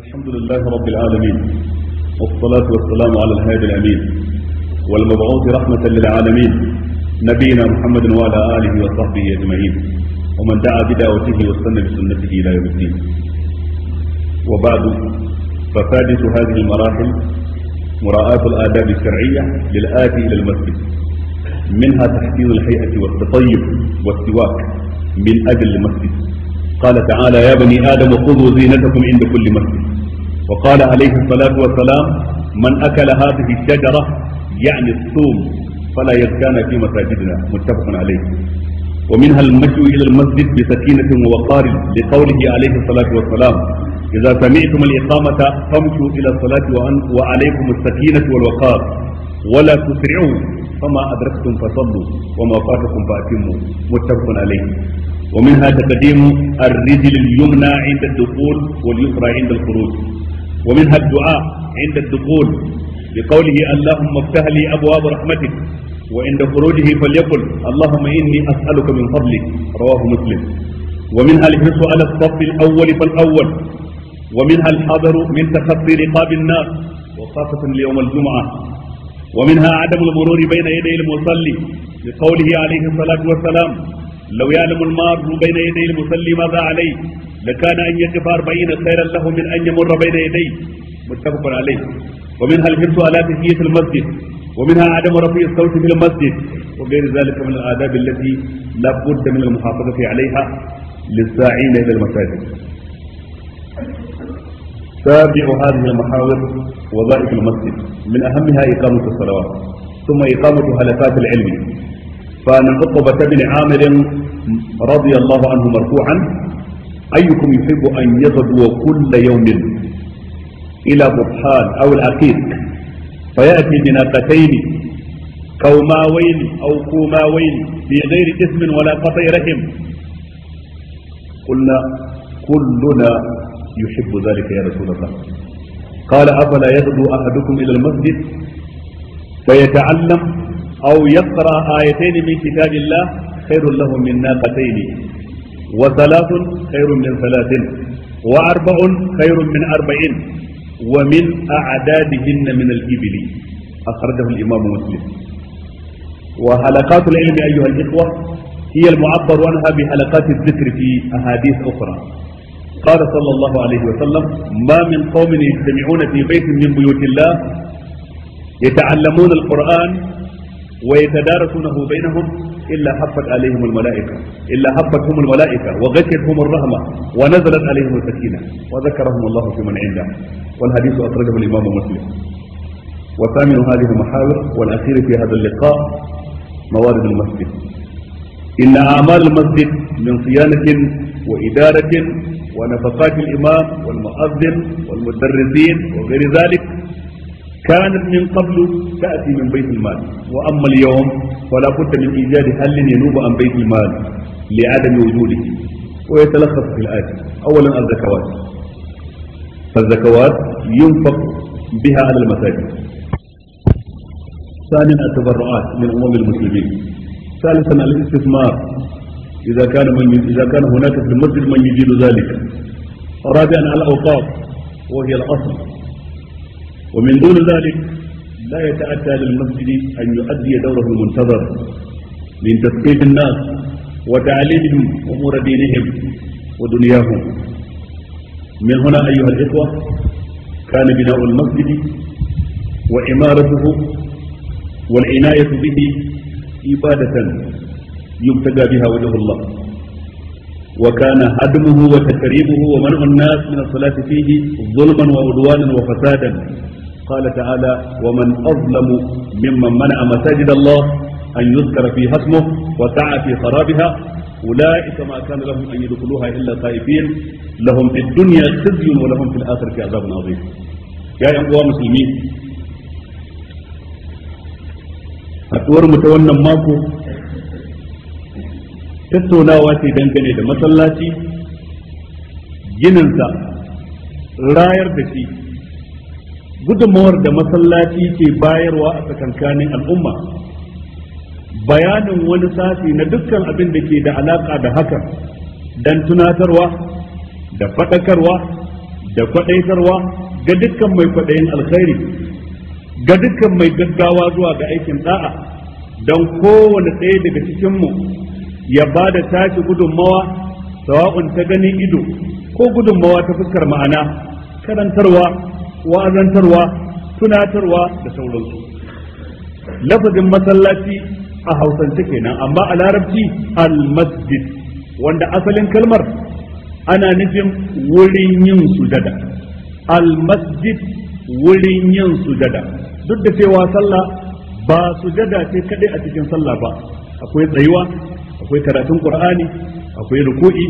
الحمد لله رب العالمين والصلاة والسلام على الهادي الأمين والمبعوث رحمة للعالمين نبينا محمد وعلى آله وصحبه أجمعين ومن دعا بدعوته واستنى بسنته إلى يوم الدين وبعد فسادس هذه المراحل مراعاة الآداب الشرعية للآتي إلى المسجد منها تحسين الهيئة والتطيب والسواك من أجل المسجد قال تعالى يا بني آدم خذوا زينتكم عند كل مسجد وقال عليه الصلاة والسلام من أكل هذه الشجرة يعني الثوم فلا يزكانا في مساجدنا متفق عليه ومنها المشي إلى المسجد بسكينة ووقار لقوله عليه الصلاة والسلام إذا سمعتم الإقامة فامشوا إلى الصلاة وعليكم السكينة والوقار ولا تسرعوا فما أدركتم فصلوا وما فاتكم فأتموا متفق عليه ومنها تقديم الرجل اليمنى عند الدخول واليسرى عند الخروج ومنها الدعاء عند الدخول بقوله اللهم افتح لي ابواب رحمتك وعند خروجه فليقل اللهم اني اسالك من فضلك رواه مسلم ومنها الحرص على الصف الاول فالاول ومنها الحذر من تخطي رقاب الناس وخاصه ليوم الجمعه ومنها عدم المرور بين يدي المصلي بقوله عليه الصلاه والسلام لو يعلم المار بين يدي المصلي ماذا عليه لكان أن يقف أربعين خيرا له من أن يمر بين يديه متفق عليه ومنها الحرص على تحية المسجد ومنها عدم رفع الصوت في المسجد وغير ذلك من الآداب التي لا بد من المحافظة عليها للساعين إلى المساجد تابع هذه المحاور وظائف المسجد من أهمها إقامة الصلوات ثم إقامة هلفات العلم فعن عقبة بن عامر رضي الله عنه مرفوعا أيكم يحب أن يغدو كل يوم إلى برحان أو العقيق فيأتي بناقتين كوماوين أو كوماوين بغير اسم ولا قطي رحم قلنا كلنا يحب ذلك يا رسول الله قال أفلا يغدو أحدكم إلى المسجد فيتعلم أو يقرأ آيتين من كتاب الله خير له من ناقتين وثلاث خير من ثلاث وأربع خير من أربع ومن أعدادهن من الإبل أخرجه الإمام مسلم وحلقات العلم أيها الإخوة هي المعبر عنها بحلقات الذكر في أحاديث أخرى قال صلى الله عليه وسلم ما من قوم يجتمعون في بيت من بيوت الله يتعلمون القرآن ويتدارسونه بينهم إلا حفت عليهم الملائكة إلا حفتهم الملائكة وغشيتهم الرحمة ونزلت عليهم السكينة وذكرهم الله في من عنده والحديث أخرجه الإمام مسلم وثامن هذه المحاور والأخير في هذا اللقاء موارد المسجد إن أعمال المسجد من صيانة وإدارة ونفقات الإمام والمؤذن والمدرسين وغير ذلك كانت من قبل تأتي من بيت المال وأما اليوم فلا بد من إيجاد حل ينوب عن بيت المال لعدم وجوده ويتلخص في الآتي أولا الزكوات فالزكوات ينفق بها على المساجد ثانيا التبرعات من أمم المسلمين ثالثا الاستثمار إذا كان من إذا كان هناك في المسجد من يجيد ذلك رابعا الأوقاف وهي الأصل ومن دون ذلك لا يتأتى للمسجد أن يؤدي دوره المنتظر من تثقيف الناس وتعليمهم أمور دينهم ودنياهم من هنا أيها الإخوة كان بناء المسجد وإمارته والعناية به عبادة يبتدى بها وجه الله وكان هدمه وتكريمه ومنع الناس من الصلاة فيه ظلما وعدوانا وفسادا قال تعالى ومن أظلم ممن منع مساجد الله أن يذكر فيها اسمه وسعى في خرابها أولئك ما كان لهم أن يدخلوها إلا خائفين لهم في الدنيا خزي ولهم في الآخرة عذاب عظيم يا أيها المسلمين haɗuwar mu ta wannan mako tattaunawa ce dangane da masallaci gininsa rayar da shi gudunmawar da masallaci ke bayarwa a tsakankanin al'umma bayanin wani sashi na dukkan abin da ke da alaƙa da hakan dan tunatarwa da faɗakarwa da kwaɗaitarwa ga dukkan mai kwaɗayin alkhairi ga dukkan mai gaggawa zuwa ga aikin da'a don kowane ɗaya daga cikinmu ya ba da tashi gudunmawa sawa'un ta ganin ido ko gudunmawa ta fuskar ma'ana karantarwa wa'azantarwa tunatarwa da sauransu lafazin masallaci a hausance kenan amma a larabci al-masjid wanda asalin kalmar ana nufin wurin yin sujada al-masjid wurin yin sujada duk da cewa sallah ba sujada ce kaɗai a cikin sallah ba akwai tsayuwa akwai karatun qur'ani akwai ruku'i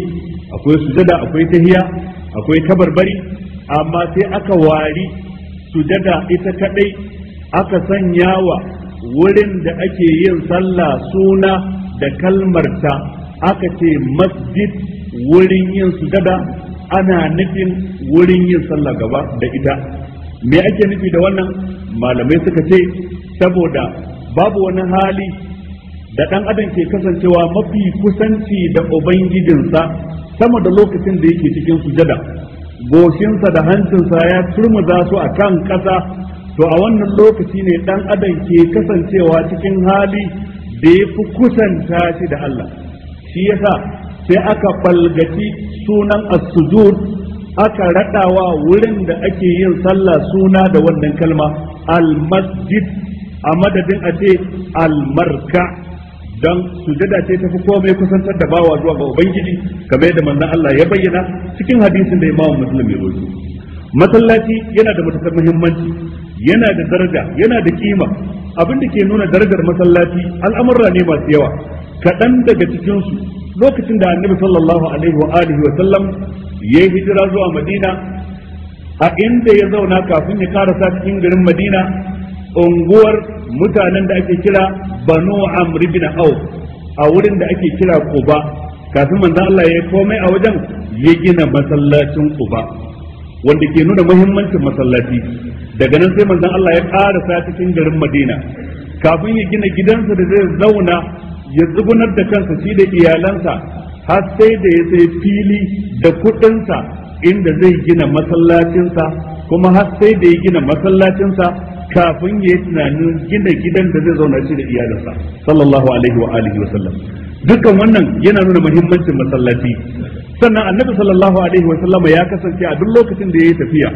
akwai sujada akwai tahiya akwai kabarbari amma sai aka wari sujada ita kadai aka sanya wa wurin da ake yin sallah suna da kalmarta aka ce masjid wurin yin sujada ana nufin wurin yin sallah gaba da ita me ake nufi da wannan malamai suka ce saboda babu wani hali da ɗan adam ke kasancewa mafi kusanci da ubangijinsa sama da lokacin da yake cikin sujada goshinsa da hancinsa ya turmuza su a kan ƙasa to a wannan lokaci ne ɗan adam ke kasancewa cikin hali da ya fi kusanta shi da Allah shi yasa sai aka falgaci sunan as-sujud aka raɗawa wurin da ake yin sallah suna da wannan kalma al-masjid a madadin a ce al-marka dan sujada ce tafi komai kusantar da bawa zuwa ga ubangiji kamar yadda manzon Allah ya bayyana cikin hadisin da Imam Muslim ya rawaito masallaci yana da matukar muhimmanci yana da daraja yana da kima abin da ke nuna darajar masallaci al'amurra ne masu yawa kaɗan daga cikinsu lokacin da annabi sallallahu alaihi wa alihi wa sallam ya hijira zuwa madina a inda ya zauna kafin ya karasa cikin garin madina unguwar mutanen da ake kira banu amr ibn auf a wurin da ake kira quba kafin manzo Allah ya komai a wajen ya gina masallacin quba wanda ke nuna muhimmancin masallaci daga nan sai manzo Allah ya sa cikin garin Madina kafin ya gina gidansa da zai zauna ya zugunar da kansa shi da iyalansa har sai da ya sai fili da kudinsa inda zai gina masallacinsa kuma har sai da ya gina masallacinsa kafin ya yi tunanin gina gidan da zai zauna shi da iyalinsa sallallahu alaihi wa alihi wa sallam dukkan wannan yana nuna muhimmancin masallaci sannan annabi sallallahu alaihi wa sallama ya kasance a duk lokacin da yayi tafiya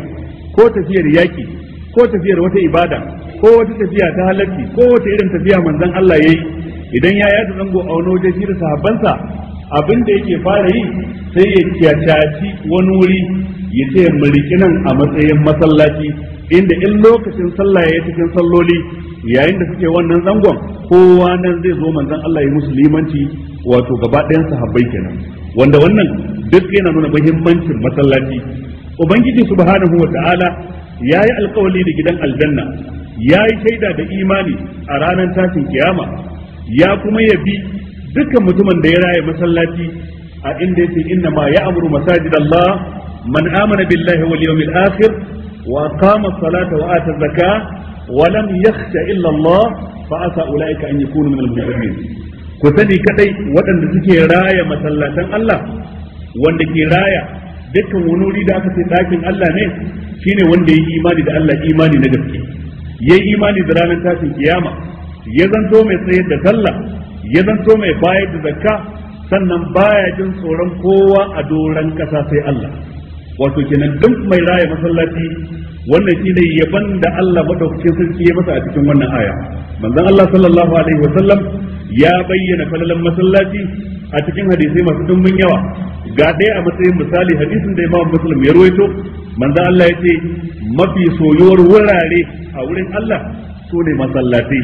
ko tafiyar yaki ko tafiyar wata ibada ko wata tafiya ta halarci ko wata irin tafiya manzon Allah ya yi. idan ya yada zango a wani waje shirin sahabbansa abin da yake fara yi sai ya kyacaci wani wuri ya ce mu nan a matsayin masallaci inda in lokacin sallah ya cikin salloli yayin da suke wannan zangon kowa nan zai zo manzon Allah ya musu wato gaba ɗayan sahabbai kenan wanda wannan duk yana nuna muhimmancin masallaci ubangiji subhanahu wataala yayi alƙawali da gidan aljanna yayi shaida da imani a ranar tashin kiyama ya kuma yabi dukkan mutumin da ya raye masallaci a inda yake inna ma ya'muru masajidallah man amana billahi wal yawmil akhir wa qama salata wa walam zakah illallah, lam yakhsha illa Allah fa asa ulaika an yakunu min al-muslimin ku sani kadai waɗanda suke raya masallatan Allah wanda ke raya dukkan wani da aka ce ɗakin Allah ne shine wanda ya yi imani da Allah imani na gaske ya yi imani da ranar tashin kiyama ya zanto mai tsayar da sallah ya zanto mai bayar da zakka sannan baya jin tsoron kowa a doron ƙasa sai Allah wato kenan duk mai raya masallaci wannan shine yaban da Allah madaukakin sarki ya masa a cikin wannan aya manzon Allah sallallahu alaihi wa ya bayyana falalan masallaci a cikin hadisai masu dumbin yawa ga dai a matsayin misali hadisin da Imam Muslim ya ruwaito manzon Allah ya ce mafi soyuwar wurare a wurin Allah so ne masallaci.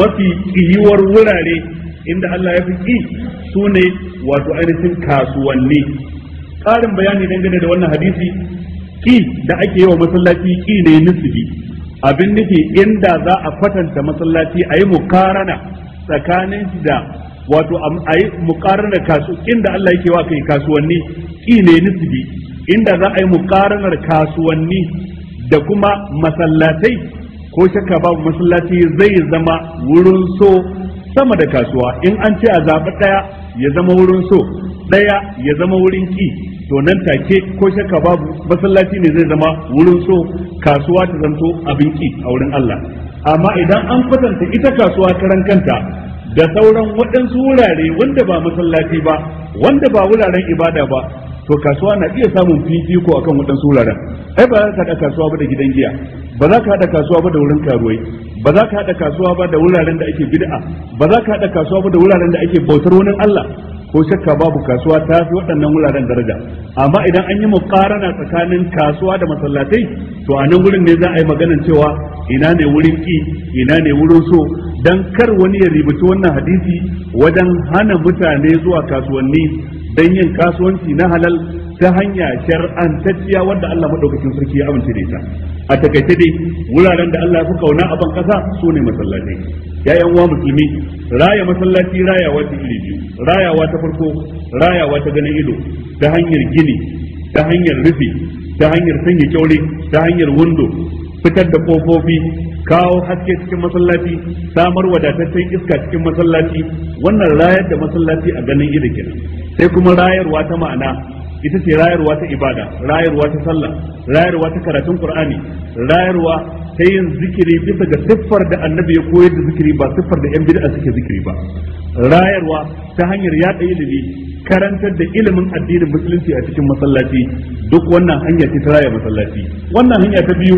mafi kiyuwar wurare inda Allah ya fi ki su ne wato ainihin kasuwanni Ƙarin bayani dangane da wannan hadisi ki da ake yi wa masallaci ki ne nisbi abin nufi inda za a kwatanta masallaci a yi mukarana tsakanin shi da wato a yi mukarana kasu inda Allah yake wa kai kasuwanni ki ne nisbi inda za a yi mukaranar kasuwanni da kuma masallatai ko shakka babu masallaci zai zama wurin so sama da kasuwa in an ce a zaɓi ɗaya ya zama wurin so ɗaya ya zama wurin ki to nan take ko shakka babu masallaci ne zai zama wurin so kasuwa ta zanto abin ki a wurin Allah amma idan an kwatanta ita kasuwa karan kanta da sauran waɗansu wurare wanda ba masallaci ba wanda ba wuraren ibada ba to kasuwa na iya samun fifiko akan waɗansu wuraren ai ba za ka haɗa kasuwa ba da gidan giya ba za ka haɗa kasuwa ba da wurin karuwai ba za ka haɗa kasuwa ba da wuraren da ake bid'a ba za ka haɗa kasuwa ba da wuraren da ake bautar wani Allah ko shakka babu kasuwa ta fi waɗannan wuraren daraja amma idan an yi muqarana tsakanin kasuwa da masallatai to a nan wurin ne za a yi maganar cewa ina ne wurin ki ina ne wurin so dan kar wani ya ribuci wannan hadisi wajen hana mutane zuwa kasuwanni dan yin kasuwanci na halal ta hanya shar'antacciya wanda Allah madaukakin sarki ya amince da ita a takaice dai wuraren da Allah ya fi kauna a ban kasa su ne masallatai uwa musulmi raya masallaci rayawa ta iri biyu rayawa ta farko rayawa ta ganin ido ta hanyar gini ta hanyar rufe ta hanyar sanya kyaure ta hanyar wando fitar da kofofi kawo haske cikin masallaci samar wadataccen iska cikin masallaci wannan rayar da masallaci a ganin ido kenan sai kuma rayarwa ta ma'ana ita ce rayarwa ta ibada rayarwa ta sallah rayarwa ta karatun qur'ani rayarwa ta yin zikiri bisa ga siffar da annabi ya koyar da zikiri ba siffar da yan bid'a suke zikiri ba rayarwa ta hanyar yaɗa ilimi karantar da ilimin addinin musulunci a cikin masallaci duk wannan hanya ce ta raya masallaci wannan hanya ta biyu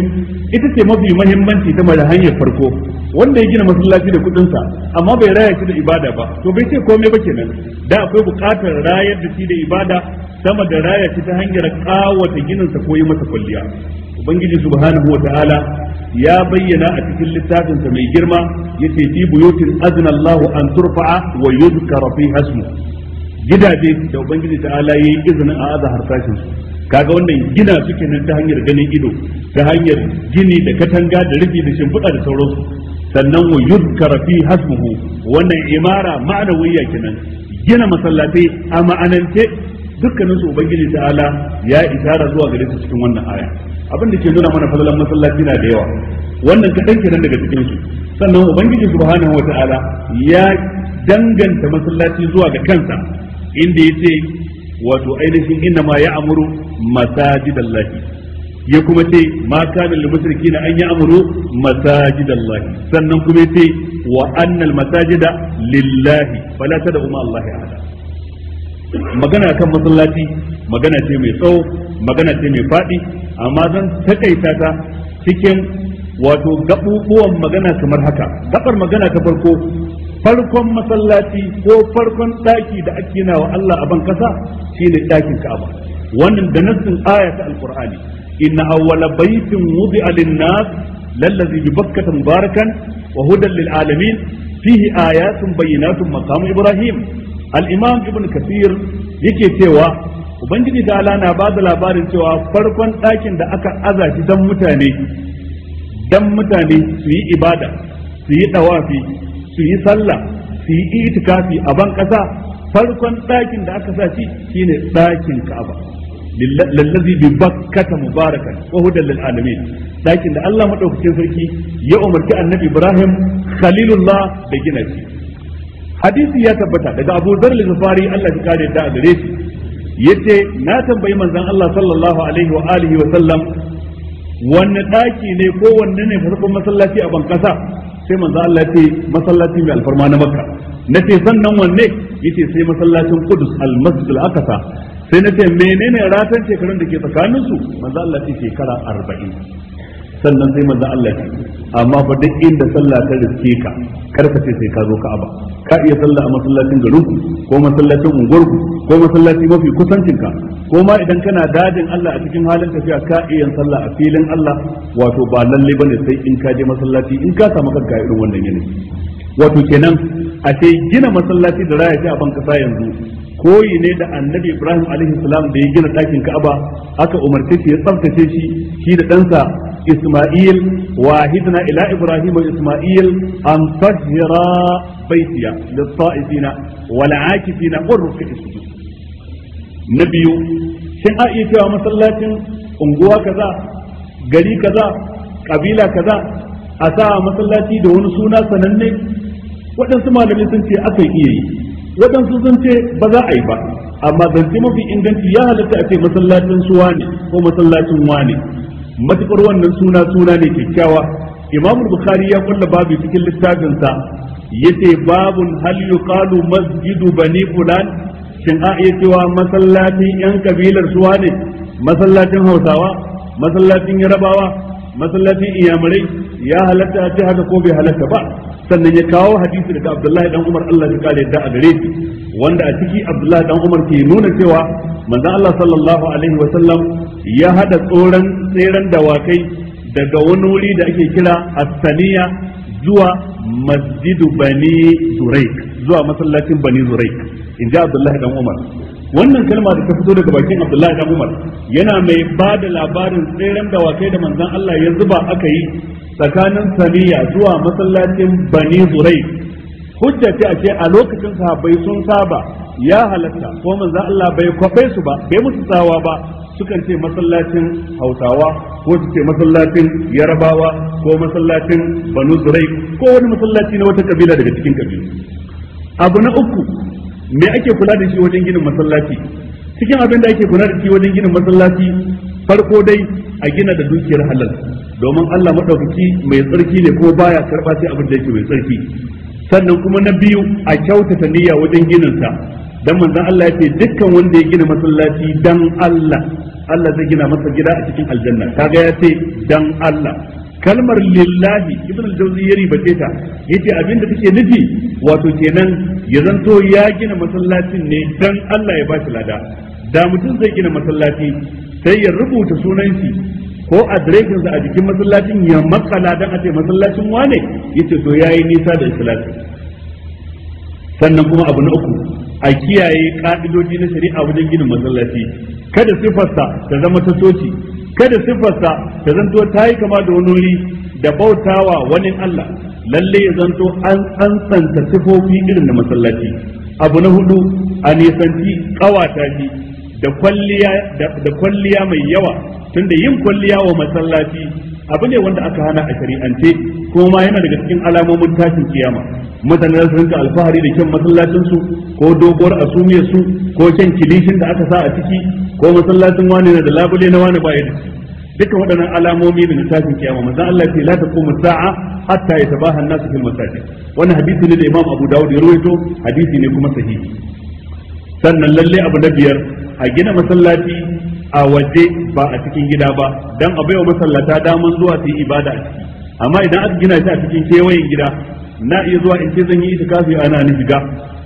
ita ce mafi muhimmanci ta mai hanyar farko wanda ya gina masallaci da kuɗinsa amma bai raya shi da ibada ba to bai ce komai ba kenan da akwai buƙatar rayar da shi da ibada sama da raya ta hanyar kawata gininsa ko yi masa kwalliya ubangiji subhanahu wa ta'ala ya bayyana a cikin littafinsa mai girma yace fi buyutin azna Allah an turfa'a wa yuzkara fi hasmu gidaje da ubangiji ta'ala yayi izinin a azahar sashin su kaga wannan gina suke nan ta hanyar ganin ido ta hanyar gini da katanga da rufi da shimfiɗa da sauransu sannan wa yuzkara fi hasmuhu wannan imara ma'anawiyya kenan gina masallatai a ma'anance dukkanin su ubangiji ta'ala ya isara zuwa gare su cikin wannan aya abin da ke nuna mana fadalan masallaci na da yawa wannan kadan kenan daga cikin su sannan ubangiji subhanahu wata'ala ya danganta masallaci zuwa ga kansa inda yace wato ainihin inna ma ya'muru masajidallahi ya kuma ce ma kana lil mushrikina an ya'muru masajidallahi sannan kuma ce wa annal masajida lillahi fala tad'u ma allahi ahada magana kan masallaci magana ce mai tsawo magana ce mai faɗi amma zan takaita ta cikin wato gaɓuɓuwan magana kamar haka gaɓar magana ta farko farkon masallaci ko farkon ɗaki da ake na wa Allah a ban kasa shine ɗakin Ka'aba wannan da nassin aya ta alqur'ani inna awwala baytin wudi'a lin-nas lallazi bi bakkata mubarakan wa hudan lil alamin fihi ayatun bayyinatun maqam ibrahim al-imam ibn kafir yake cewa ubangiji da na ba da labarin cewa farkon ɗakin da aka aza shi don mutane suyi mutane su yi ibada su yi ɗawafi su yi sallah su yi itikafi a ban ƙasa farkon ɗakin da aka sa shi shine ɗakin ka'aba lallazi bi bakkata mubarakan wa hudan lil alamin ɗakin da Allah madaukakin sarki ya umarci annabi Ibrahim khalilullah da gina shi hadisi ya tabbata daga Abu Dharr al-Ghifari Allah ya kare da gare shi yace na tambayi manzon Allah sallallahu alaihi wa alihi wa sallam wanne daki ne ko wanne ne farkon masallaci a bankasa sai manzon Allah ya ce masallaci mai alfarma na Makka nace sannan wanne yace sai masallacin Qudus al-Masjid al-Aqsa sai na ce menene ratan shekarun da ke tsakaninsu manzo Allah ya ce shekara arba'in sannan sai manzo Allah ya ce amma fa duk inda sallah ta riske ka kar ka ce sai ka zo Ka'aba ka iya sallah a masallacin garin ko masallacin unguwarku, ko masallaci mafi kusancin ka ko ma idan kana dajin Allah a cikin halin tafiya ka iya sallah a filin Allah wato ba lalle bane sai in ka je masallaci in ka samu kanka irin wannan yanayi wato kenan a ce gina masallaci da raya a ban kasa yanzu koyi ne da annabi ibrahim alaihi salam da ya gina ɗakin ka'aba aka umarce shi ya tsaftace shi shi da ɗansa isma'il wahidna ila ibrahim wa isma'il an tahira baitiya lis-sa'ifina wal 'akifina wa ruk'i sujud na biyu shin a iya cewa masallacin unguwa kaza gari kaza kabila kaza a sa masallaci da wani suna sananne waɗansu malamai sun ce aka iya yi waɗansu sun ce ba za a yi ba amma zance mafi inganci ya halatta a ce masallacin suwa ne ko masallacin wane matukar wannan suna suna ne kyakkyawa imam bukhari ya kulla babu cikin littafinsa yace babun hal yuqalu masjidu bani fulan shin a iya cewa masallacin yan kabilar suwa ne masallacin hausawa masallacin yarabawa masallacin iyamurai ya halatta a ce haka ko bai halatta ba sannan ya kawo hadisi daga abdullahi dan umar allah ya kare da a gare shi wanda a ciki abdullahi dan umar ke nuna cewa manzon allah sallallahu alaihi wa sallam ya hada tsoron tseren dawakai daga wani wuri da ake kira asaniya zuwa masjidu bani zuraik zuwa masallacin bani zuraik in ji abdullahi dan umar wannan kalma da ta fito daga bakin Abdullahi dan Umar yana mai ba da labarin tseren dawakai da manzan Allah ya zuba aka yi tsakanin Saniya zuwa masallacin Bani Zurai hujja ce a ce a lokacin sahabbai sun saba ya halatta ko manzon Allah bai kwafe su ba bai musu tsawa ba sukan ce masallacin Hausawa ko su ce masallacin Yarabawa ko masallacin Banu Zurai ko wani masallaci na wata kabila daga cikin kabilu abu na uku me ake kula da shi wajen ginin masallaci cikin abin da ake kula da shi wajen ginin masallaci farko dai a gina da dukiyar halal domin Allah madaukaki mai tsarki ne ko baya karba sai abin da yake mai tsarki sannan kuma na biyu a kyautata niyya wajen ginin sa dan manzon Allah yace dukkan wanda ya gina masallaci dan Allah Allah zai gina masa gida a cikin aljanna kaga ya ce dan Allah kalmar lillahi ibn al-jawzi ya ribace ta yace abin da take nufi wato kenan ya zanto ya gina masallacin ne dan Allah ya bashi lada da mutum zai gina masallaci sai ya rubuta sunan shi ko adireshin sa a jikin masallacin ya makala dan a ce masallacin wane yace to yayi nisa da islami sannan kuma abu na uku a kiyaye ka'idoji na shari'a wajen gina masallaci kada sifarsa ta zama ta soci kada sifarsa ta zanto ta yi kama da wani wuri da bautawa wani Allah lalle ya zanto an tsantsanta sifofi irin da masallaci abu na hudu a nisanci kawata fi da kwalliya mai yawa tunda yin kwalliya wa masallaci abu ne wanda aka hana a shari'ance kuma ma yana daga cikin alamomin tashin kiyama mutane za su rinka alfahari da kyan masallacinsu ko doguwar asumiyarsu su ko kyan kilishin da aka sa a ciki ko masallacin wani na da labule na wani bayan dukkan waɗannan alamomi ne na tashin kiyama maza Allah ce la taqumu sa'a hatta yatabaha an-nasu fil masajid wannan hadisi ne da Imam Abu Dawud ya ruwaito hadisi ne kuma sahihi sannan lalle abu na biyar a gina masallaci a waje ba a cikin gida ba dan a baiwa masallata daman zuwa su ibada a ciki amma idan aka gina shi a cikin kewayen gida na iya zuwa in ce zan yi itikafi hana ni shiga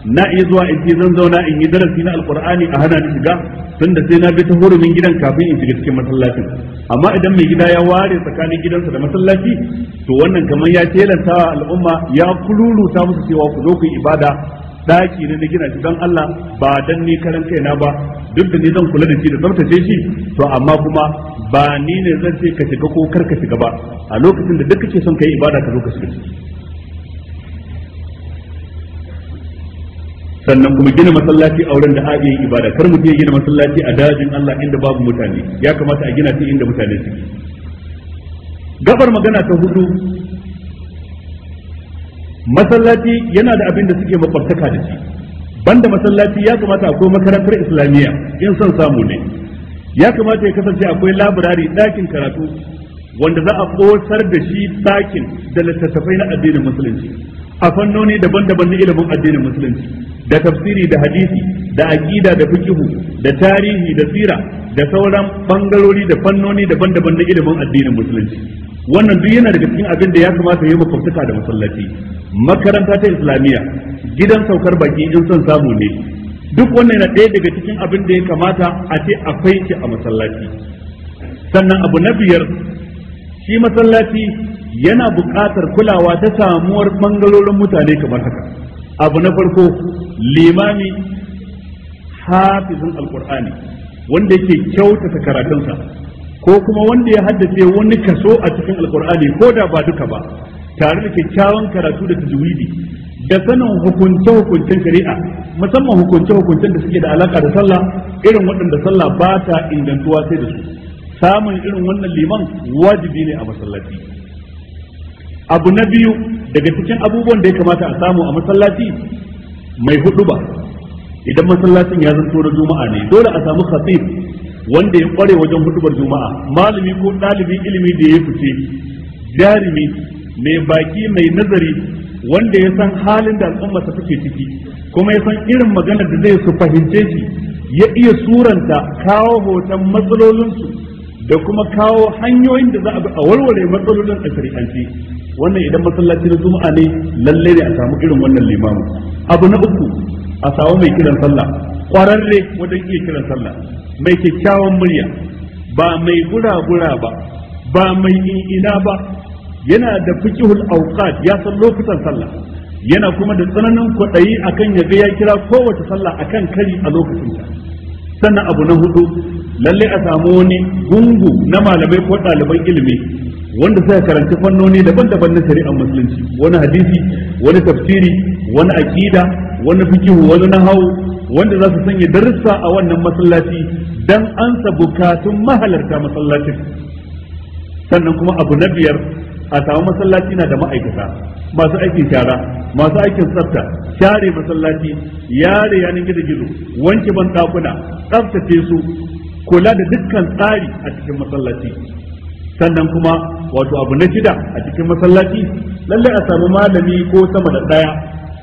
na iya zuwa in ce zan zauna in yi darasi na alqur'ani a hana ni shiga tunda sai na bi ta hurumin gidan kafin in shiga cikin masallacin amma idan mai gida ya ware tsakanin gidansa da masallaci to wannan kamar ya telanta al'umma ya ta musu cewa ku zo ku yi ibada daki ne na gina shi don Allah ba dan ni karan kaina ba duk da ni zan kula da shi da tsaftace shi to amma kuma ba ni ne zan ce ka shiga ko kar ka shiga ba a lokacin da duk kake son kai ibada ka zo ka shiga sannan kuma gina masallaci a wurin da a yi ibada kar mutum ya gina masallaci a dajin Allah inda babu mutane ya kamata a gina shi inda mutane suke gabar magana ta hudu masallaci yana da abin da suke makwabtaka da shi banda masallaci ya kamata akwai makarantar islamiyya in son samu ne ya kamata ya kasance akwai labirari ɗakin karatu wanda za a ƙosar da shi ɗakin da littattafai na addinin musulunci a fannoni daban-daban na ilimin addinin musulunci da tafsiri da hadisi da aqida da fikihu da tarihi da sira da sauran bangarori da fannoni daban-daban na ilimin addinin musulunci wannan duk yana daga cikin abin da ya kamata ya makwabtaka da masallaci makaranta ta islamiyya gidan saukar baki in son samu ne duk wannan yana ɗaya daga cikin abin da ya kamata a ce akwai shi a masallaci sannan abu na biyar shi masallaci yana buƙatar kulawa ta samuwar ɓangarorin mutane kamar haka abu na farko limami hafizin alkur'ani wanda yake kyautata karatunsa ko kuma wanda ya haddace wani kaso a cikin alkur'ani ko da ba duka ba tare da kyakkyawan karatu da tajwidi da sanin hukunce hukuncen shari'a musamman hukunce hukuncen da suke da alaka da sallah irin waɗanda sallah ba ta ingantuwa sai da su samun irin wannan liman wajibi ne a masallaci abu na biyu daga cikin abubuwan da ya kamata a samu a masallaci mai hudu ba idan masallacin ya zanto da juma'a ne dole a samu khatib wanda ya kware wajen hudubar juma'a malami ko ɗalibin ilimi da ya fice jarumi mai baki mai nazari wanda ya san halin da al'umma ta take ciki kuma ya san irin magana da zai su fahimce shi ya iya suranta kawo hoton matsalolinsu da kuma kawo hanyoyin da za a bi a warware matsalolin a shari'ance wannan idan masallaci na juma'a ne lallai ne a samu irin wannan limamu. abu na uku a samu mai kiran sallah kwararre wajen iya kiran sallah mai kyakkyawan murya ba mai gura-gura ba ba mai ina ba yana da fiqhul awqat ya san lokutan sallah yana kuma da tsananin kwaɗayi akan ya ga ya kira kowace sallah akan kari a lokacin ta sannan abu na hudu lalle a samu wani gungu na malamai ko ɗaliban ilimi wanda suka karanci fannoni daban-daban na shari'ar musulunci wani hadisi wani tafsiri wani aqida wani fikihu wani nahawu wanda za su sanya darussa a wannan masallaci dan ansa bukatun mahalarta masallacin sannan kuma abu na biyar a samu masallaci na da ma'aikata masu aikin shara masu aikin tsafta share masallaci yare yanin gida gizo wanke ban dakuna tsaftace su kula da dukkan tsari a cikin masallaci sannan kuma wato abu na shida a cikin masallaci lallai a samu malami ko sama da daya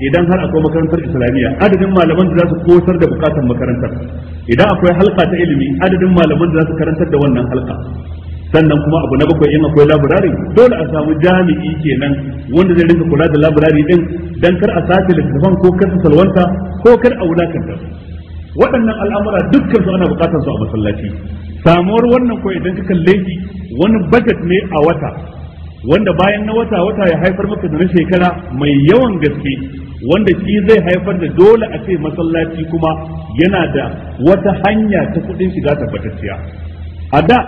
idan har akwai makarantar islamiyya adadin malaman da za su kosar da bukatar makarantar idan akwai halka ta ilimi adadin malaman da za su karantar da wannan halka sannan kuma abu na bakwai in akwai laburari dole a samu jami'i kenan wanda zai rinka kula da laburari din dan kar a sace littafan ko kar su salwanta ko kar a wulakanta waɗannan al'amura dukkan su ana buƙatar su a masallaci samuwar wannan ko idan ka kalle shi wani budget ne a wata wanda bayan na wata wata ya haifar maka da na shekara mai yawan gaske wanda shi zai haifar da dole a ce masallaci kuma yana da wata hanya ta kuɗin shiga tabbatacciya a da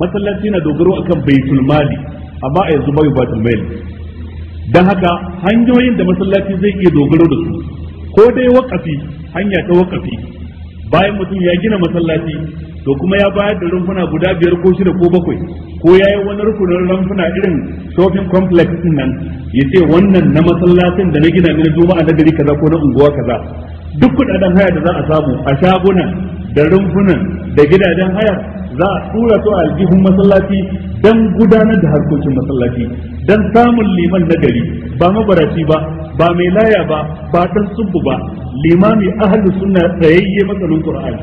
masallaci na dogaro akan baitul mali amma a yanzu bai baitul mali dan haka hanyoyin da masallaci zai iya dogaro da su ko dai wakafi hanya ta wakafi bayan mutum ya gina masallaci to kuma ya bayar da rumfuna guda biyar ko shida ko bakwai ko ya yi wani rukunin rumfuna irin shopping complex din nan ya ce wannan na masallacin da na gina mini juma'a na gari kaza ko na unguwa kaza duk kudaden haya da za a samu a shagunan da rumfunan da gidajen haya za a tura su a aljihun masallaci don gudanar da harkokin masallaci don samun liman nagari ba mabaraci ba ba mai laya ba ba dan subbu ba limami ahlu sunna tsayayye matsalin qur'ani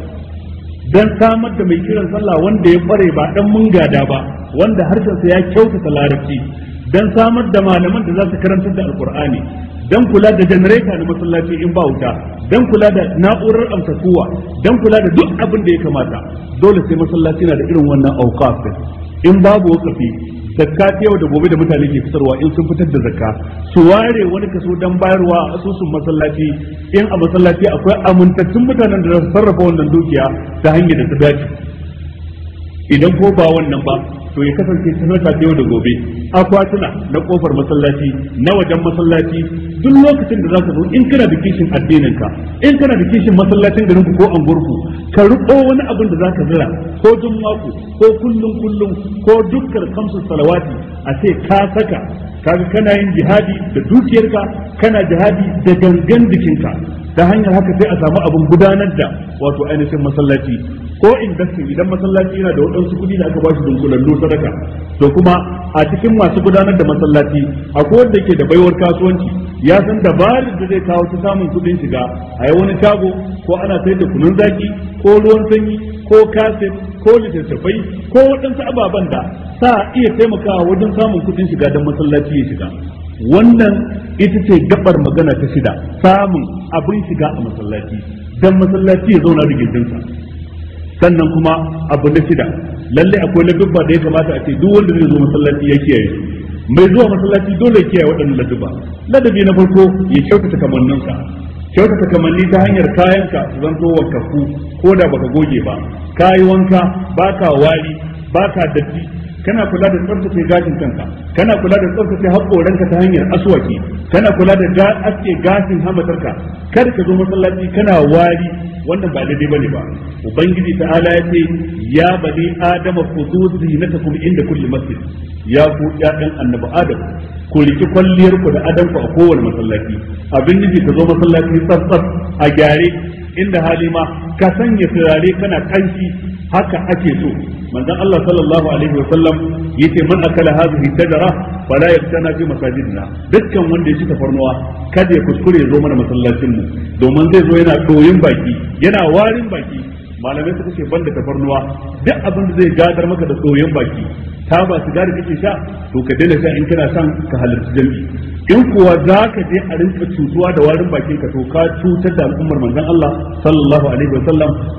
dan samar da mai kiran sallah wanda ya kware ba dan mungada ba wanda harshensa ya kyautata larabci dan samar da malaman da za su karantar da alkur'ani dan kula da janareta na masallaci in ba wuta dan kula da na'urar amsa dan kula da duk abin da ya kamata dole sai masallaci na da irin wannan auqaf in babu wakafi zakka ta yau da gobe da mutane ke fitarwa in sun fitar da zakka su ware wani kaso dan bayarwa a asusun masallaci in a masallaci akwai amintattun mutanen da za su sarrafa wannan dukiya ta hanyar da ta dace idan ko ba wannan ba to ya kasance sanarwa ta yau da gobe akwatuna na kofar masallaci na wajen masallaci duk lokacin da za ka zo in kana da kishin addinin ka in kana da kishin masallacin garin ku ko anguwarku ku ka rubo wani abin da za ka zira ko jin mako ko kullum kullum ko dukkan kamsu salawati a ce ka saka kaga kana yin jihadi da dukiyarka kana jihadi da gangan jikinka ta hanyar haka sai a samu abin gudanar da wato ainihin masallaci ko indastin idan masallaci yana da waɗansu kuɗi da aka bashi dunkulallu sadaka to kuma a cikin masu gudanar da masallaci akwai wanda ke da baiwar kasuwanci ya san dabarar da zai kawo ta samun kuɗin shiga a yi wani shago ko ana sayar da kunun zaki ko ruwan sanyi ko kaset ko littattafai ko waɗansu ababen da sa iya taimakawa wajen samun kuɗin shiga don masallaci ya shiga wannan ita ce gabar magana ta shida samun abin shiga a masallaci don masallaci ya zauna da gidansa. sannan kuma abu na shida lalle akwai ladubba da ya kamata a ce duk wanda zai zo masallaci ya kiyaye mai zuwa masallaci dole ya kiyaye waɗannan ladubba ladabi na farko ya kyautata kamanninsa kyautata kamanni ta hanyar kayanka su zanto ku. ko da baka goge ba kayi wanka baka wari baka datti kana kula da tsaftace gashin kanka kana kula da tsaftace haƙoranka ta hanyar aswaki kana kula da aske gashin hamatarka kar ka zo masallaci kana wari wannan ba daidai bane ba ubangiji ta'ala ya ce ya bani adama khudu zinatakum inda kulli masjid ya ku ƴaƴan annabi adam ku riki kwalliyar ku da adanku a kowane masallaci abin nufi ka zo masallaci tsaf a gyare inda hali ma ka sanya turare kana kanshi haka ake so manzon Allah sallallahu alaihi wa sallam yace man akala hadhihi tajara fala yaftana fi masajidina dukkan wanda ya ci tafarnuwa kada ya kuskure ya zo mana masallacin mu domin zai zo yana ɗoyin baki yana warin baki malamai suka ce banda tafarnuwa duk abin da zai gadar maka da tsoyin baki ta ba sigari kake sha to ka daina sha in kana son ka halarci jami'i in kuwa za ka je a rinka cutuwa da warin bakin ka to ka cutar da al'ummar manzon Allah sallallahu alaihi wa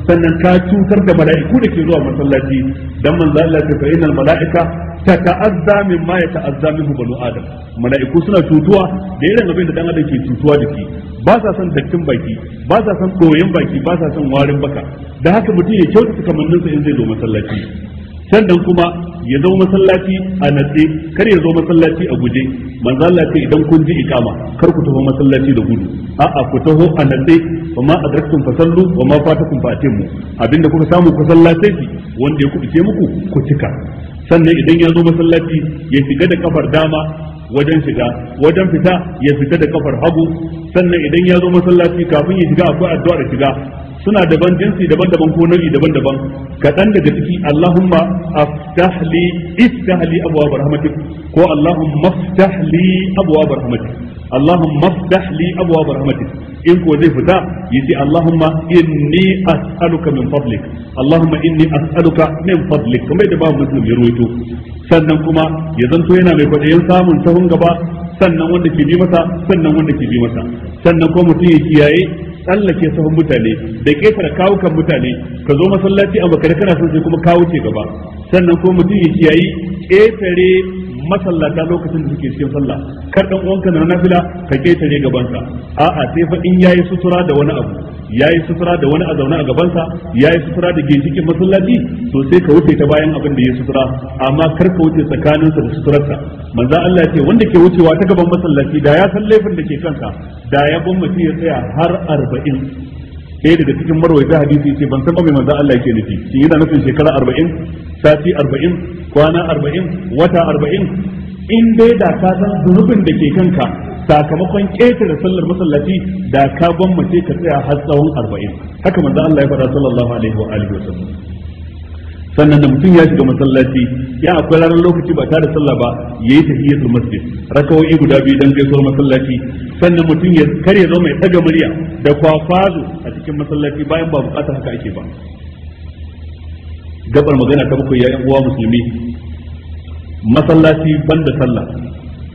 sannan ka cutar da mala'iku da ke zuwa masallaci dan manzon Allah ta fa innal mala'ika tata'azza ma yata'azza minhu banu adam mala'iku suna cutuwa da irin abin da dan adam ke cutuwa da ke, ba sa son dattin baki ba sa son koyon baki ba sa son warin baka da haka mutum ya kyautata kamanninsa in zai zo masallaci sannan kuma ya zo masallaci a natse kar ya zo masallaci a guje manzo Allah ce idan kun ji ikama kar ku tafi masallaci da gudu a'a ku taho a natse wa ma adraktum fasallu wa ma fatakum fatimu abinda kuka samu ku sallace shi wanda ya kubuce muku ku cika sannan idan ya zo masallaci ya shiga da kafar dama wajen shiga wajen fita ya fita da kafar hagu sannan idan ya zo masallaci kafin ya shiga akwai addu'a da shiga suna daban jinsi daban-daban ko nau'i daban-daban kaɗan daga ciki Allahumma aftahli iftahli abwaab rahmatik ko Allahumma aftahli abwaab rahmatik Allahumma rahmatik in ko zai fita yace Allahumma inni as'aluka min fadlik Allahumma inni as'aluka min fadlik kuma da babu muslim ya ruwaito sannan kuma ya zanto yana mai kwaɗayin samun sahun gaba sannan wanda ke bi masa sannan wanda ke bi masa sannan kuma mutum ya kiyaye tsallake sahun mutane da kawo kawukan mutane ka zo masallaci a bakare kana so sai kuma kawo ce gaba sannan kuma mutum ya kiyayi ƙetare masallata lokacin da suke cikin sallah kar dan uwanka na nafila ka ƙetare gabansa a'a sai fa in yayi sutura da wani abu yayi sutura da wani a a gabansa yayi sutura da ginshikin masallaci to sai ka wuce ta bayan abin da ya sutura amma kar ka wuce tsakaninsa da suturarsa manzo Allah ce wanda ke wucewa ta gaban masallaci da ya san laifin da ke kansa da ya mutum ya tsaya har arba'in arba'in ɗaya daga cikin marwaita hadisi ce ban san ba mai manzo Allah yake nufi shi yana nufin shekara arba'in sati arba'in kwana arba'in wata arba'in in dai da ka san zunubin da ke kanka sakamakon ƙetare sallar masallaci da ka gwammace ka tsaya har tsawon arba'in haka manzo Allah ya faɗa sallallahu alaihi wa alihi wa sallam sannan da mutum ya shiga masallaci ya akwai ranar lokaci ba tare sallah ba ya yayi tahiyatul masjid rakawoyi guda biyu dan gaisuwar masallaci sannan mutum ya karya zo mai daga murya da kwafazo a cikin masallaci bayan ba bukatar haka ake ba gabar magana ta bakwai ya uwa musulmi masallaci banda sallah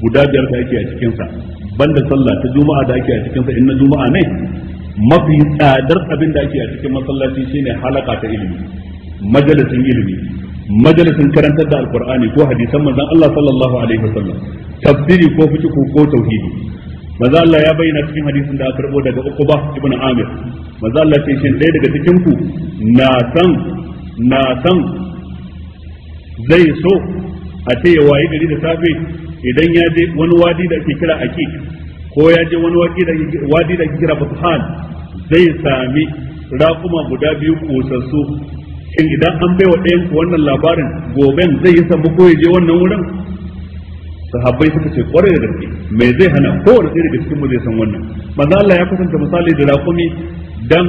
guda biyar da ake a cikin sa banda sallah ta juma'a da ake a cikin sa in na juma'a ne mafi tsadar abin da ake a cikin masallaci shine halaka ta ilimi majalisin ilimi majalisin karantar da Alkur'ani ko hadisan manzon Allah sallallahu alaihi wasallam tafsiri ko fiqh ko tauhidi manzon Allah ya bayyana cikin hadisin da aka karbo daga Uqba ibn Amir manzon Allah ce shin ɗaya daga cikin ku na san na san zai so a ce ya wayi gari da safe idan ya je wani wadi da ake kira Akik ko ya je wani wadi da ake kira Buthan zai sami raƙuma guda biyu kosassu shin idan an bai wa ɗayan ku wannan labarin goben zai yi samu ko je wannan wurin sahabbai suka ce kwarai da gaske me zai hana wani ɗaya daga cikin zai san wannan manzo Allah ya kusanta misali da raƙumi dan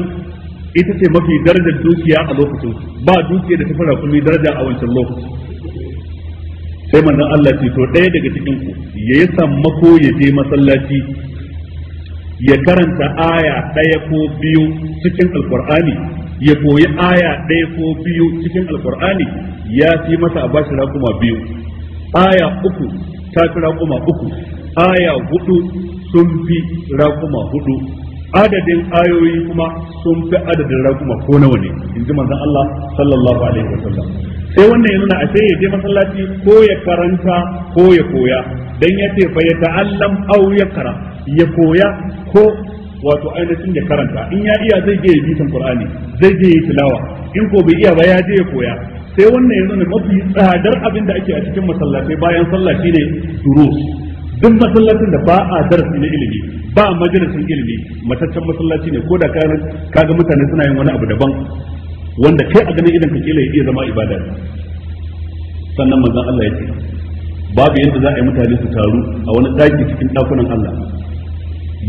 ita ce mafi darajar dukiya a lokacin ba dukiya da ta fara kuma daraja a wancan lokaci sai manzon Allah ce to ɗaya daga cikin ku yayi sammako ya je masallaci ya karanta aya ɗaya ko biyu cikin alkur'ani ya koyi aya ɗaya ko biyu cikin alkur'ani ya fi masa a bashi raƙuma biyu aya uku ta fi raƙuma uku aya hudu sun fi raƙuma hudu adadin ayoyi kuma sun fi adadin raƙuma ko nawa ne in ji manzon Allah sallallahu alaihi wa sallam. sai wannan ya nuna a sai ya je masallaci ko ya karanta ko ya koya dan ya fa ya ta'allam aw ya kara ya koya ko wato ainihin ya karanta in ya iya zai je ya bitan qur'ani zai je ya tilawa in ko bai iya ba ya je ya koya sai wannan yanzu ne mafi tsadar abin da ake a cikin masallatai bayan sallah ne durus duk masallacin da ba a darasi na ilimi ba majalisin ilimi mataccen masallaci ne ko da ga mutane suna yin wani abu daban wanda kai a ganin idan ka kila ya iya zama ibada sannan manzon Allah ya ce babu yadda za a yi mutane su taru a wani daki cikin dakunan Allah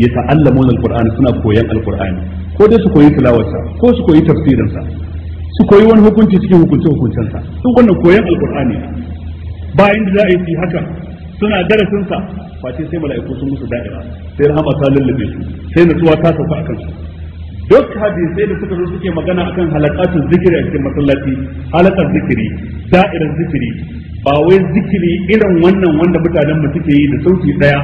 yata'allamuna alqur'ana suna koyan alqur'ani ko dai su koyi tilawarsa ko su koyi tafsirinsa su koyi wani hukunci cikin hukunce hukuncensa duk wannan koyan alqur'ani bayan da za a yi haka suna darasin sa face sai mala'iku sun musu da'ira sai rahama ta lullube su sai natsuwa ta sauka akan su duk hadisai da suka zo suke magana akan halakatun zikiri a cikin masallaci halakar zikiri da'irar zikiri ba wai zikiri irin wannan wanda mutanen mu suke yi da sauti daya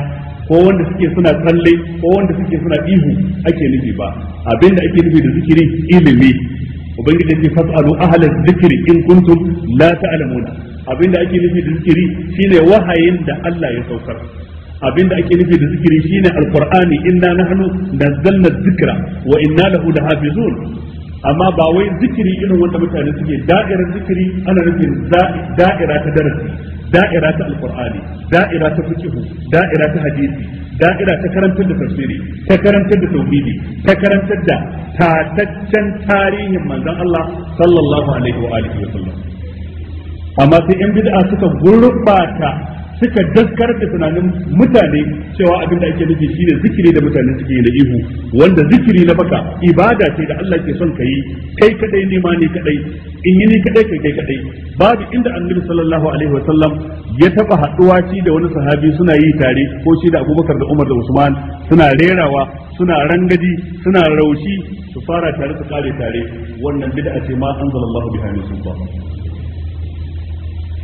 ko wanda suke suna tsalle ko wanda suke suna ihu ake nufi ba abinda ake nufi da zikiri ilimi ubangiji ce fasalu ahla zikri in kuntum la ta'lamuna abinda ake nufi da zikiri shine wahayin da Allah ya saukar abinda ake nufi da zikiri shine alqur'ani inna nahnu nazzalna dhikra wa inna lahu lahafizun amma ba wai zikiri irin wanda mutane suke da'irar zikiri ana nufin da'ira ta darasi da'ira ta alqur'ani da'ira ta fiqh da'ira ta hadisi da'ira ta karantar da tafsiri ta karantar da tauhidi ta karantar da tataccen tarihin manzon Allah sallallahu alaihi wa alihi wa sallam amma sai yan bid'a suka gurbata suka daskar da tunanin mutane cewa abin da ake nufi shine zikiri da mutane suke da ihu wanda zikiri na baka ibada ce da Allah ke son ka yi kai kadai ne ma ne kadai in yi ni kadai kai kai kadai babu inda annabi sallallahu alaihi wasallam ya taba haduwa shi da wani sahabi suna yi tare ko shi da Abubakar da Umar da Usman suna rerawa suna rangadi suna raushi su fara tare su kare tare wannan bid'a ce ma anzalallahu biha min sultan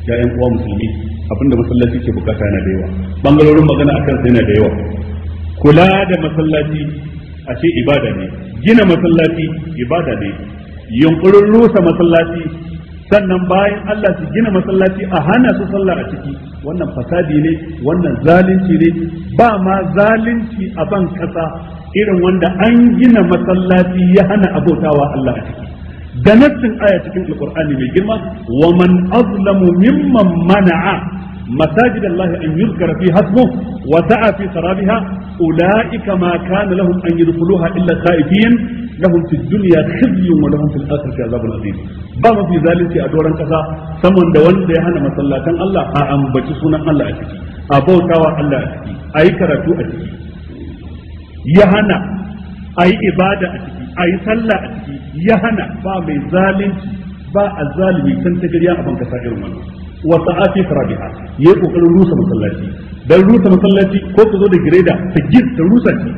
ya yan uwa musulmi abinda masallaci ke bukata yana da yawa bangarorin magana akan sai yana da yawa kula da masallaci a ce ibada ne gina masallaci ibada ne yunkurin rusa masallaci sannan bayan Allah su gina masallaci a hana su sallah a ciki wannan fasadi ne wannan zalunci ne ba ma zalunci a ban kasa irin wanda an gina masallaci ya hana abotawa Allah a ciki da nassin aya cikin alqur'ani mai girma wa man azlamu mimman mana'a مساجد الله أن يذكر في حسبه وسعى في سرابها أولئك ما كان لهم أن يدخلوها إلا خائفين لهم في الدنيا خزي ولهم في الآخرة عذاب عظيم باب في ذلك أدورا كذا سمن دون ديهان مسلاة الله أعم بجسونا الله أتكي أبو تاوى الله أتكي أي كرتو أتكي يهانا أي إبادة أتكي أي صلى أتكي ya hana ba mai zalunci ba a zalimi san ta gariya a bankasa irin wannan wa sa'ati farabiha yayi kokarin rusa masallaci dan rusa masallaci ko ka zo da gireda ta gis ta rusa shi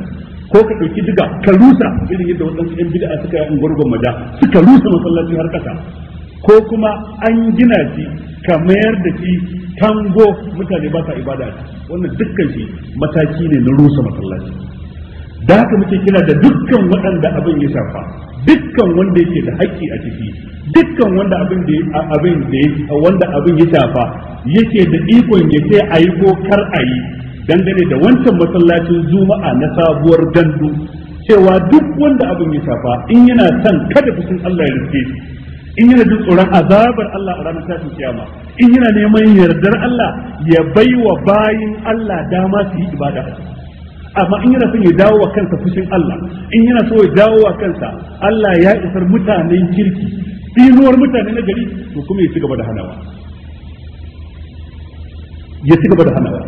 ko ka dauki diga ka rusa irin yadda wadansu yan bid'a suka yi ungurgun maja suka rusa masallaci har kasa ko kuma an gina shi ka mayar da shi tango mutane ba sa ibada wannan dukkan shi mataki ne na rusa masallaci da haka muke kira da dukkan waɗanda abin ya shafa dukkan wanda yake da haƙƙi a ciki dukkan wanda abin da abin da wanda abin ya shafa yake da ikon ya ce ayi ko kar ayi dangane da wancan masallacin juma'a na sabuwar dandu, cewa duk wanda abin ya shafa in yana son kada fushin Allah ya rike shi in yana jin tsoron azabar Allah a ranar tashin kiyama in yana neman yardar Allah ya baiwa bayin Allah dama su yi ibada a ciki amma in yana son ya dawo wa kansa fushin Allah in yana so ya dawo wa kansa Allah ya isar mutanen kirki tsinuwar mutane na gari to kuma ya ci gaba da hanawa ya ci gaba da hanawa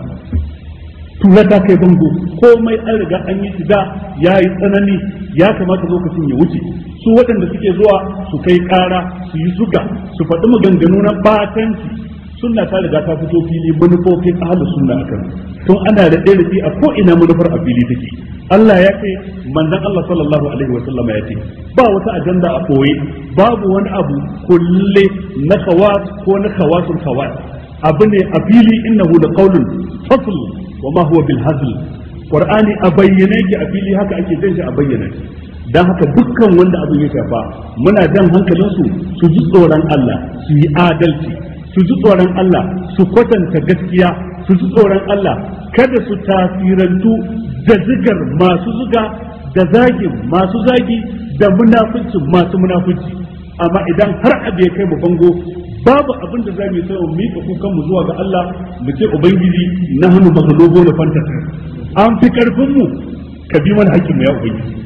tura ta kai bango komai an riga an yi da ya yi tsanani ya kamata lokacin ya wuce su waɗanda suke zuwa su kai ƙara su yi zuga su faɗi maganganu na batanci sunna ta riga ta fito fili manufofin ahlus sunna akan tun ana da ɗaya a ko ina manufar a fili take Allah ya ce manzon Allah sallallahu alaihi wa sallama ya ce ba wata ajanda a koye babu wani abu kulle na kawas ko na kawasul kawas abu ne a fili innahu da qaulun fasl wa ma huwa bil hazl qur'ani a bayyane ki a fili haka ake jin shi a bayyane dan haka dukkan wanda abu ya shafa muna jan hankalinsu su ji tsoron Allah su yi adalci su ji tsoron Allah su kwatanta gaskiya su ji tsoron Allah kada su tasirantu da zigar masu zuga da zagin masu zagi da munafunci masu munafunci amma idan har abu ya kai mu bango babu abin da za mu yi mu miƙa kukan mu zuwa ga Allah mu ce ubangiji na hannu maka dogo da fanta an fi karfin mu ka bi mana hakkin mu ya ubangiji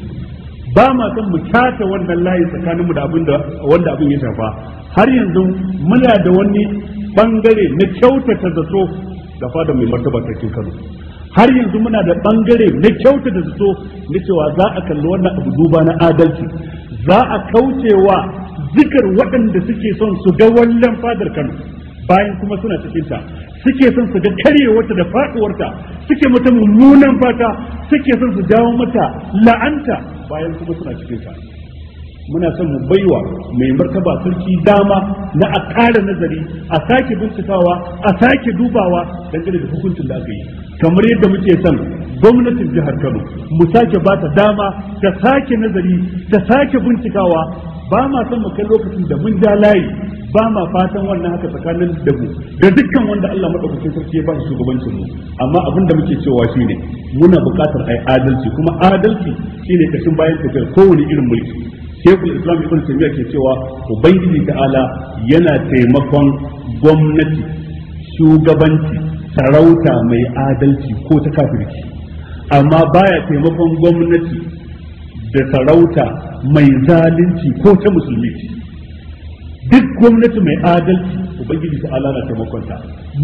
ba ma son mu tata wannan layi tsakanin mu da abin da wanda abin ya shafa har yanzu muna da wani bangare na kyautata zato da fada mai martaba cikin Kano har yanzu muna da bangare na kyautata zato na cewa za a kalli wannan abu duba na adalci za a kaucewa zikar waɗanda suke son su ga wallan fadar Kano bayan kuma suna cikin ta suke son su ga karyewarta da faduwarta suke mata mummunan fata suke son su dawo mata la'anta bayan kuma suna cikin ta muna son mu baiwa mai martaba sarki dama na a ƙara nazari a sake bincikawa a sake dubawa dangane da hukuncin da aka yi kamar yadda muke son gwamnatin jihar Kano mu sake ba ta dama ta sake nazari ta sake bincikawa ba ma son mu kai lokacin da mun ja layi ba ma fatan wannan haka tsakanin da mu da dukkan wanda Allah madaukakin sarki ya ba shi shugabancin mu amma abin da muke cewa shine muna buƙatar ai adalci kuma adalci shine kashin bayan tafiyar kowane irin mulki Shekul Islam Ibn Taymiyyah ke cewa Ubangiji ta'ala yana taimakon gwamnati shugabanci sarauta mai adalci ko ta kafirci amma baya taimakon gwamnati da sarauta mai zalunci ko ta musulmi duk gwamnati mai adalci ubangiji ta ala na taimakon ta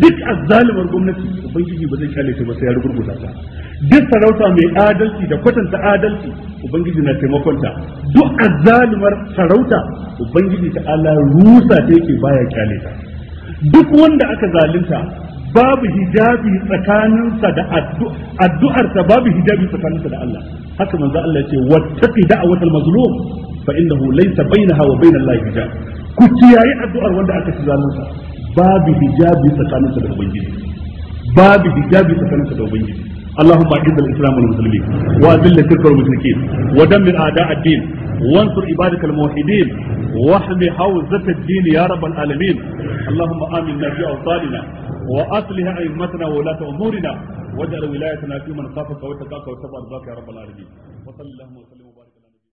duk azzalimar gwamnati ubangiji ba zai kyale ta ba sai ya rugurguta ta duk sarauta mai adalci da kwatanta adalci ubangiji na taimakon ta duk azzalimar sarauta ubangiji ta ala rusa ta yake baya kyale ta duk wanda aka zalunta babu hijabi tsakaninsa da addu'arsa babu hijabi tsakaninsa da Allah haka manzo Allah ya ce wattaqi da'watal mazlum fa innahu laysa bainaha wa bainal lahi hijab ku kiyaye addu'ar wanda aka ci zalunsa babu hijabi tsakaninsa da ubangiji babu hijabi tsakaninsa da ubangiji اللهم اعز الاسلام والمسلمين واذل الشرك والمشركين ودمر اعداء الدين وانصر عبادك الموحدين واحم حوزة الدين يا رب العالمين اللهم امنا في اوطاننا واصلح ائمتنا وولاة امورنا واجعل ولايتنا في من خافك واتقاك واتبع رضاك يا رب العالمين وصلى اللهم وسلم